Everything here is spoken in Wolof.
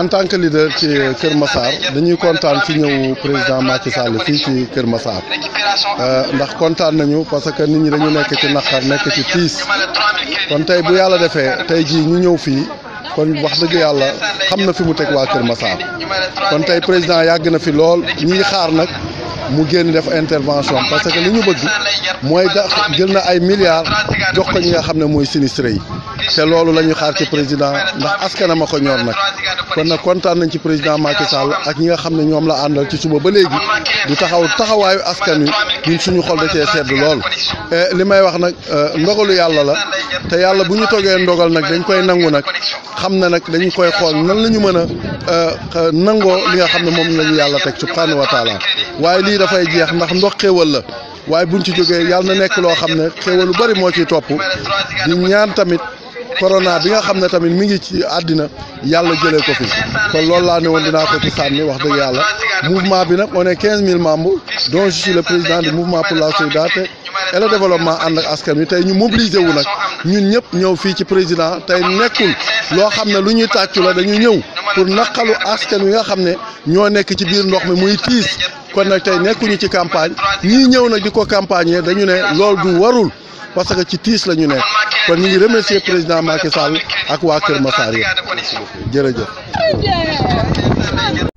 en tant que leader ci keur Massar dañuy contane ci ñëw président Macky Sall fi ci keur Massar euh ndax contane nañu parce que nit ñi dañu nekk ci naxar nekk ci tiss kon tay bu yàlla defé tay ji ñu ñëw fi kon wax deug yàlla xamna fi mu tek wa keur Massar kon tay président yag na fi lool ñi xaar nak mu génn def intervention parce que li ñu bëgg moy da jël na ay milliards jox ko ñi nga xamne moy sinistré yi te loolu lañu xaar ci président ndax askanama ko ñor nak kon nag kontaan nañ ci président Macky Sall ak ñi nga xam ne ñoom la àndal ci suba ba léegi du taxaw taxawaayu askan wi ñun suñu xol da cee sedd lool eh, li may wax nag eh, ndogalu yàlla la te yàlla bu ñu toggee ndogal nag dañ koy nangu nag xam ne nag dañu koy xool nan la ñu mën a eh, nangoo li nga xam ne moom la yàlla teg subhanahu wa taala waaye lii dafay jeex ndax ndox xéewal la waaye buñ ci jógee yàlla na nekk loo xam ne xéewal lu bari moo ciy topp di ñaan tamit. corona bi nga xam ne tamit mu ngi ci àddina yàlla jëlee ko fi kon loolu laa ne woon dinaa ko ci sànni wax dëgg yàlla mouvement bi nag on est 15000 membres dont je suis le président du mouvement pour la solidarité et le développement ànd ak askan wi tey ñu mobiliser wu nag ñun ñëpp ñëw fii ci président tey nekkul loo xam ne lu ñuy tàccu la dañu ñëw pour naqalu askan wi nga xam ne ñoo nekk ci biir ndox mi muy tiis kon nag tey nekkuñu ci campagne ñii ñëw nag di ko campagne dañu ne loolu du warul parce que ci tiis la ñu nekk kon ñu ngi remercier président Macky Sall ak waa Kër Massar yëpp jërëjëf.